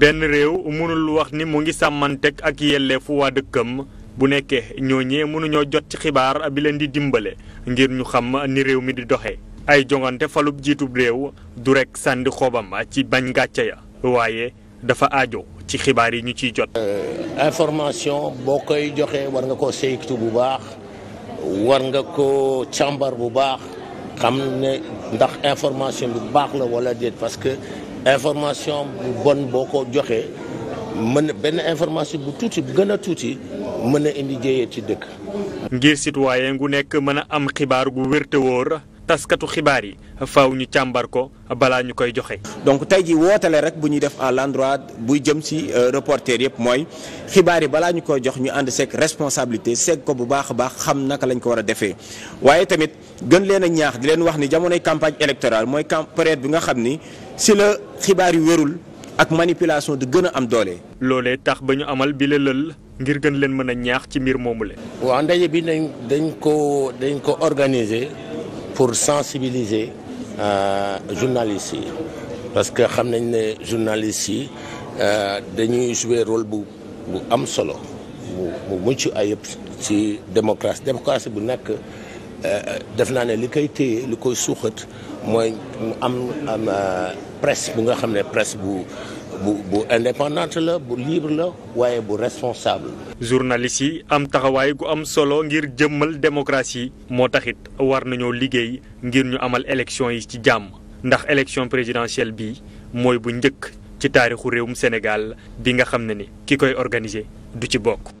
benn réew mënul wax ni mu ngi sàmmanteeg ak yelleefu waa dëkkam bu nekkee ñooñee mënuñoo jot ci xibaar bi leen di dimbale ngir ñu xam ni réew mi di doxee. ay jongante falub jiitub réew du rek sànni xobam ci bañ gàcce ya waaye dafa aajo ci xibaar yi ñu ciy jot. Euh, information boo koy joxee war nga ko saytu bu baax war nga ko càmbar bu baax xam ne ndax information bi baax la wala déet parce que. information bu bon boo ko joxee mën benn information bu tuuti bu gën a tuuti mën a indi jéyee ci dëkk. ngir citoyen gu nekk mën a am xibaar gu wér te wóor taskatu xibaar yi faw ñu càmbar ko balaa ñu koy joxe. donc tey jii wootale rek bu ñuy def à l'endroit buy jëm ci euh, reporter yëpp mooy xibaar yi bala ñu koy jox ñu ànd seeg responsabilité seeg ko bu baax a baax xam naka lañ ko war a defee. waaye tamit gën leen a ñaax di leen wax ni jamonoy campagne électorale mooy période bi nga xam ni. si la xibaar yu wérul ak manipulation di gën a am doole. loole tax ba ñu amal bi la ngir gën leen mën a ñaax ci mbir moomu la. waaw ndaje bi dañ dañ ko dañ ko organiser pour sensibiliser euh, journalistes yi parce que xam nañ ne journalistes yi euh, dañuy jouer role bu bu am solo bu bu mucc ayib ci démocratie démocratie bu nekk. Euh, def naa ne li koy téye li koy suuxat mooy mu am am euh, bu nga xam ne presse bu bu bu indépendante la bu libre la waaye bu responsable. journaliste yi am taxawaay gu am solo ngir jëmmal démocratie moo taxit war nañoo liggéey ngir ñu amal élection yi ci jàmm ndax élection présidentielle bi mooy bu njëkk ci taarixu réewum Sénégal bi nga xam ne ni ki koy organiser du ci bokk.